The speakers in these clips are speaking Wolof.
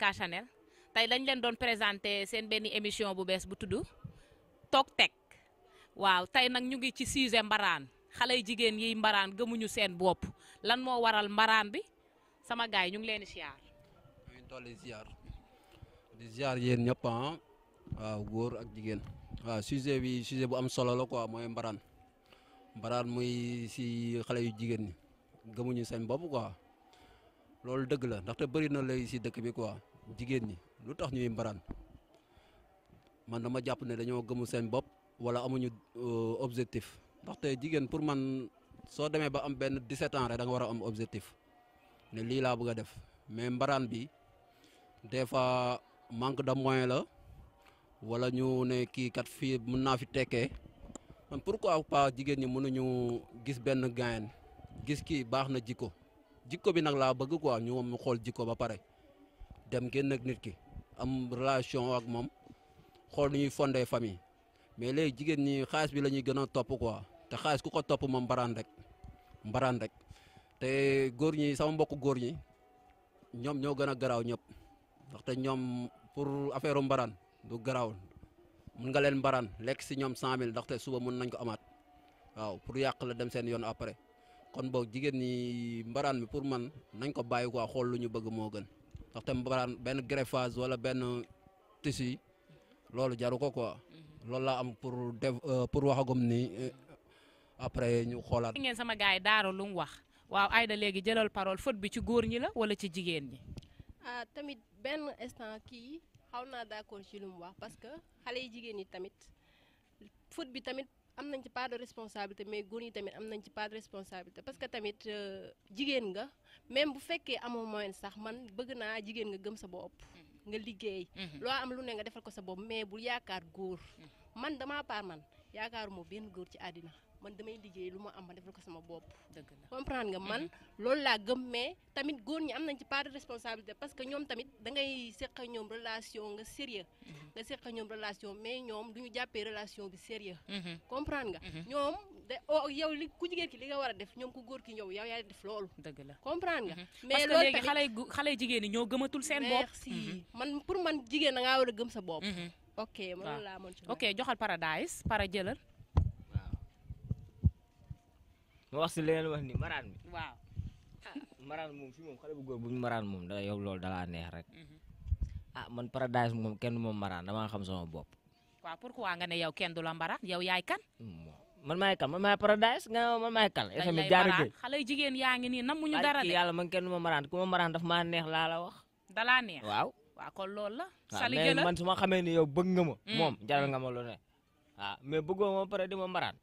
Malika Chanel tey dañ leen doon présenté seen benn émission bu bees bu tudd toog teg waaw tey nag ñu ngi ci sujet mbaraan xale yu jigéen yiy mbaraan gëmuñu seen bopp lan moo waral mbaraan bi sama gars yi ñu ngi leen di siyaar. ñu toll di yéen ñëpp ah. ak jigéen waaw sujet bi sujet bu am solo la quoi mooy mbaraan muy si xale yu jigéen ñi gëmuñu seen bopp quoi. loolu dëgg la ndaxte bëri na léegi si dëkk bi quoi jigéen ñi lu tax ñuy mbaraan man dama jàpp ne dañoo gëmul seen bopp wala amuñu euh, objectif ndaxte jigéen pour man soo demee ba am benn 17 ans rek da war a am objectif ne lii laa bëgg a def mais mbaraan bi des fois manque de moyen la wala ñu ne kii kat fii mun naa fi tekkee man pourquoi pas jigéen ñi mënuñu gis benn gain gis kii baax na jikko jikko bi nag laa bëgg quoi ñu moom xool jikko ba pare. dem génn ak nit ki am relation ak moom xool nu ñuy fondé famille mais léegi jigéen ñi xaalis bi la ñuy gën a topp quoi te xaalis ku ko topp moom mbaraan rek mbaraan rek te góor ñi sama mbokk góor ñi ñoom ñoo gën a garaaw ñëpp ndaxte ñoom pour affaire mbaraan du garaaw mun nga leen mbaraan lekk si ñoom cent mille ndaxte suba mun nañ ko amaat waaw pour yàq la dem seen yoon après kon boog jigéen ñi mbaraan bi pour man nañ ko bàyyi quoi xool lu ñu bëgg moo gën. ndax tam bëgg benn greffage wala benn tissu loolu jaru ko quoi. loolu laa am pour def euh, pour waxagum ni euh, après ñu xoolaat. ngeen sama gars yi daara lu wax waaw Aïda léegi jëlal parole faute bi ci góor ñi la wala ci jigéen ñi. ah tamit benn instant kii xaw naa d'accord ci lu mu wax parce que xale yi jigéen ñi tamit faute bi tamit. am nañ ci part de responsabilité mais góor ñi tamit am nañ ci part de responsabilité parce que tamit euh, jigéen nga même bu fekkee amoo moyen sax man bëgg naa jigéen nga gëm sa bopp. nga liggéey. Mhm. loo am lu ne nga defal ko sa bopp mais bu yaakaar góor. Mhm. man damaa paar man yaakaaruma benn góor ci àddina. man damay liggéey lu ma am ma defal ko sama bopp. dëgg la nga man. Mhm. loolu laa gëm mais tamit góor ñi am nañ ci part de responsabilité parce que ñoom tamit da ngay seq ñoom relation nga sérieux mhm. nga seq ñoom relation mais ñoom du ñu jàppee relation bi sérieux mhm. comprendre nga. ñoom de oh yow li ku jigéen ki li nga war a def ñoom ku góor ki ñëw yow yaa def loolu. dëgg la comprendre nga. mais loolu tamit xale yu xale jigéen ñi ñoo gëmatul seen bopp. merci man pour man jigéen da ngaa war a gëm sa bopp. ok man loolu laa mën ok joxal paradise para jëlal nga wax si leneen wax ni maraan mi. waaw ah, maraan moom fii moom xale maraan moom da yow loolu dalaa neex rek. Mhm. ah man paradise moom kenn moom maraan damaa xam sama bopp. waaw pourquoi nga ne yow kenn du la maraan yow yaay kan. man maay kan man maay paradise nga man maay kan. dañ lay maraan xale jigéen yaa ngi nii namuñu dara de. yàlla man kenn du ma maraan ku ma maraan daf maa neex wax. dalaa neex waaw. waaw kon la. salige man su ma xamee ni yow bëgg nga ma. Mm. moom jaral nga ma lu ne. waaw ah, mais bëggoo ma pare di ma maraan.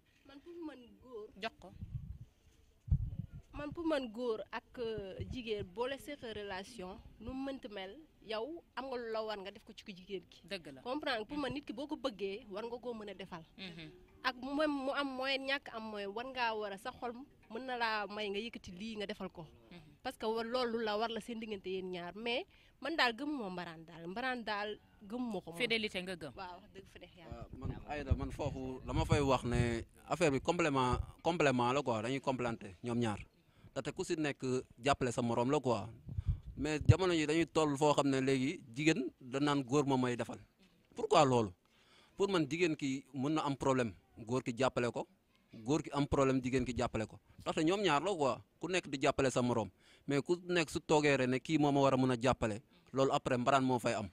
man pour man góor ak euh, jigéen boole seq relation nu mënti mel yow am nga lu la war nga def ko ci ko jigéen ki. dëgg la comprendre pour man mm-hmm. nit ki boo ko bëggee war nga koo mën a defal. Mm-hmm. ak moom mu am moyen ñàkk am mooy war ngaa war a sa xol mën na laa may nga yëkkati lii nga defal ko. Mm-hmm. parce que loolu la war la seen diggante yéen ñaar mais man daal gëmuma mbaraan daal mbaraan daal gëmuma ko. fidélité nga gëm waaw dëgg fa man Aïda man foofu dama fay wax ne affaire bi complément complement la ko quoi dañuy compléter ñoom ñaar. te ku si nekk jàppale sa moroom la quoi mais jamono yi dañuy toll foo xam ne léegi jigéen da naan góor ma may defal pourquoi loolu pour man jigéen ki mën na am problème góor ki jàppale ko góor ki am problème jigéen ki jàppale ko ndaxte ñoom ñaar la quoi ku nekk di jàppale sa morom mais ku nekk su toogee rek ne kii moo ma war a mën a jàppale loolu après mbaraan moo fay am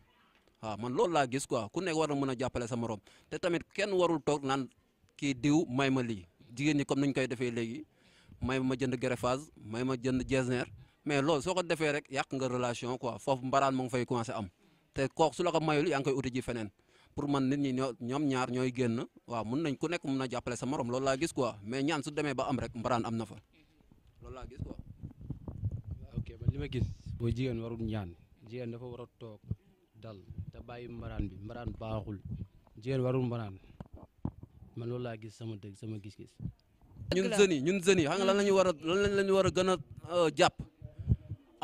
waaw man loolu laa gis quoi ku nekk war na mën a jàppale sa moroom te tamit kenn warul toog naan kii diw may ma lii jigéen ñi comme ni koy defee léegi. may ma jënd greffage may ma jënd jesner mais loolu soo ko defee rek yàq nga relation quoi foofu mbaraan mu ngi fay commencé am te kook su la ko mayul yaa ngi ji feneen pour man nit ñi ñoom ñaar ñooy génn waaw mun nañ ku nekk mun na jàppale sa morom loolu laa gis quoi mais ñaan su demee ba am rek mbaraan am na fa loolu laa gis quoi. Ah, ok man li ma gis boo jigéen warul ñaan jigéen dafa war a toog dal te bàyyi mbaraan bi mbaraan baaxul jigéen warul mbaraan man loolu laa gis sama dëgg sama gis-gis. ñun jeunes yi ñun jeunes yi xam nga lan la ñu mm-hmm. war a lan la ñu war a gën euh, jàpp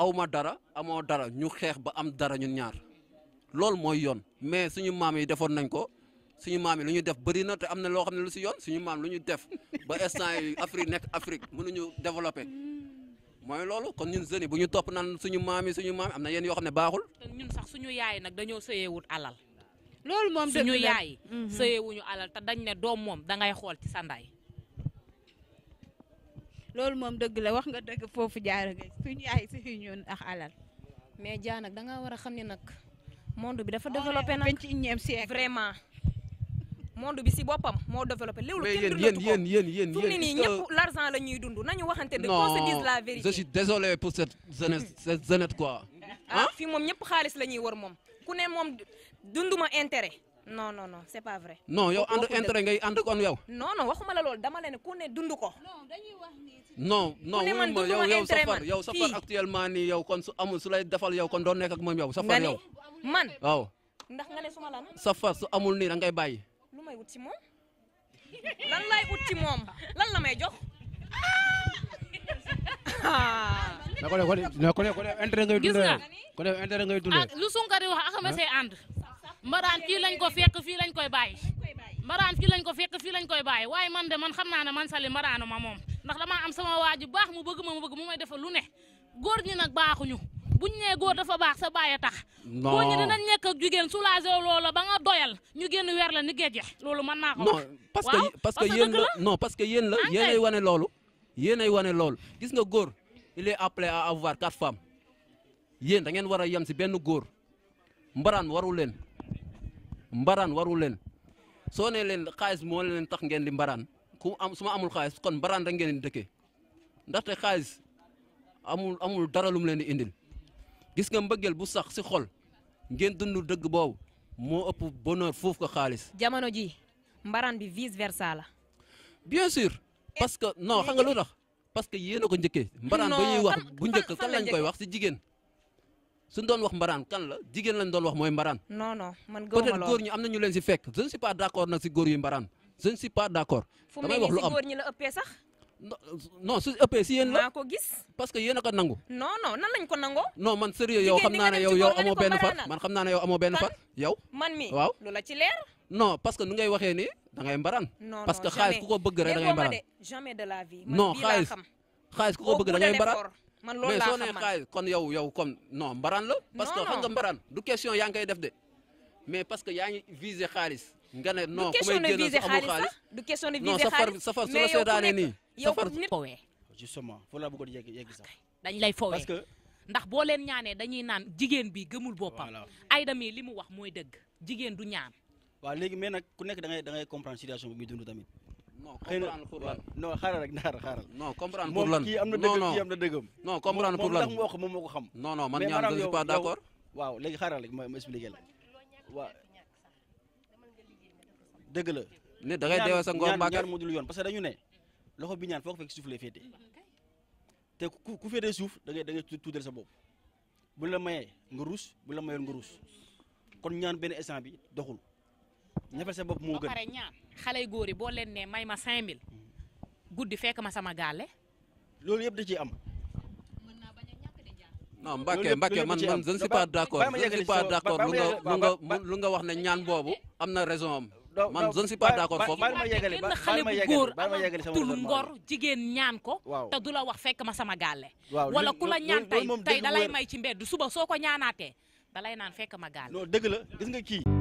aw ma dara amoo dara ñu xeex ba am dara ñun ñaar loolu mooy yoon mais suñu maam yi defoon nañ ko suñu maam yi lu ñuy def bëri na am na loo xam ne lu si yoon suñu maam lu ñuy def ba instant yi Afrique nekk Afrique mënuñu développé mooy loolu kon ñun jeunes bu ñu topp naan suñu maam yi suñu maam am na yenn yoo xam ne baaxul. ñun sax suñu yaay nag dañoo sëyeewut alal. loolu moom yaay. Mm-hmm. sëyeewuñu alal te dañ ne doom moom da ngay xool ci sa loolu moom dëgg la wax nga dëgg foofu jaara nga suñu yaay suñu ñun ak alal. mais jaa danga war a xam ne nag monde bi dafa développé nag vraiment monde bi si boppam moo développé. léegi mais yéen yéen yéen yéen yéen fu mu ne nii ñëpp l'argent la ñuy dund nañu waxante de qu'on se dise la vérité. je suis désolé pour cette jeunesse cette jeunesse quoi. ah fii moom ñëpp xaalis la ñuy war moom ku ne moom dunduma intérêt. non non non c'est pas vrai. non yow ànd intérêt ngay ànd kon yow. non non waxuma la loolu dama leen ku dundu ko. non dañuy wax nii. non non ma yow yow safar yow safar actuellement nii yaw kon su amul su lay defal yow kon doon nekk ak moom yow. safar yow man waaw. ndax nga ne suma lan. safar su amul nii da ngay bàyyi. lu may wut ci moom lan may jox. Ah. ko def gis nga ko def intérêt ngay ah, lu Sunkari wax ak ma say mbaraan fii lañ ko fekk fii lañ koy bàyyi mbaraan fii lañ ko fekk fii lañ koy bàyyi waaye man de man xam naa ne man sali mbaraanu ma moom ndax damaa am sama waa ji baax mu bëgg ma mu bëgg mu may defal lu ne góor ñi nag baaxuñu buñ nee góor dafa baax sa bàyyi tax góor ñi dinañ nekk ak jigéen soulagé loola ba nga ñu génn weer la ni géeje loolu mën naa ko parce que parce que yéen la non parce que yéen la yéenay wane loolu yéenay wane loolu gis nga góor il est appelé à avoir quatre femmes yéen da ngeen war a yem si benn góor mbaraan waru leen mbaraan warul leen soo nee leen xaalis moo leen tax ngeen di mbaraan ku am su ma amul xaalis kon mbaraan da ngeen di dëkkee ndaxte xaalis amul amul dara lum leen di indil gis nga mbëggeel bu sax si xol ngeen dund dëgg boobu moo ëpp bonheur foofu ko xaalis. jamono ji mbaraan bi vice versa la. bien sûr parce que non eh, xam nga lu tax parce que yéen a ko njëkke mbaraan ba ñuy wax bu njëkk kan lañ koy wax si jigéen. suñ doon wax mbaraan kan la jigéen lañ doon wax mooy mbaraan. non non man gëwuma loolu peut-être ñi am na ñu leen si fekk je ne suis pas d' accord nag si góor yu mbaraan je ne pas d' fu mu si góor ñi la ëppee sax. non su ëppee si yéen la maa ko gis. parce que yéen a ko nangu. non non nan lañ ko nangoo. non man yow xam naa ne yow yow amoo benn far man xam naa ne yow amoo benn fa yow man mi waaw lu la ci leer. non parce que nu ngay waxee nii da ngay mbaraan. parce que xaalis ku ko bëgg rek da ngay mbaraan. jamais la vie. man bii laa xam xaalis ku ko bëgg da ngay mbaraan man loolu laa xam mais kon yow yow comme no mbaraan la. parce que xam nga mbaraan du question yaa ngi koy def de mais parce que yaa ngi visé xaalis. nga ne non ku may génn sa amul xaalis du question ne visé xaalis sax du question visé xaalis non safar safar su la safar yow nit fowee. justement fu la bëggoon yegg yegg sax. dañ lay fowee parce que. ndax boo leen ñaanee dañuy naan jigéen bi gëmul boppam. ay mi li mu wax mooy dëgg jigéen du ñaan. waa léegi mais nag ku nekk da ngay bi tamit non comprendre pour lan non xaaral rek naar xaaral. non comprendre pour lan moom kii am na dëggam kii am na dëggam. non comprendre pour lan moom moom man ñaar je suis pas d'accord. waaw léegi xaaral rek ma ma la waaw la. ne da ngay deewee sa ngor mbaa ñaar mu dul yoon parce que dañu ne loxo bi ñaan foo ko fekk suuf lay féete te ku ku féetee suuf da ngay da sa bopp bu la mayee nga ruus bu la mayee nga ruus kon ñaan benn instant bi doxul. ñëfal sa bopp moo gën ba pare góor yi boo leen ne may ma 5000. guddi fekk ma sama gaale. loolu yëpp da ciy am. non Mbacke Mbacke man man je ne suis pas d'accord je ne suis pas lu nga wax ne ñaan boobu am na raison am. man ma yegali baal ma yegali baal ma yegali sama jigéen ñaan ko. te du la wax fekk ma sama gaale. wala ku la ñaan tey tey da lay may ci mbedd suba soo ko ñaanaatee da lay naan fekk ma gaale. non dëgg la gis nga kii.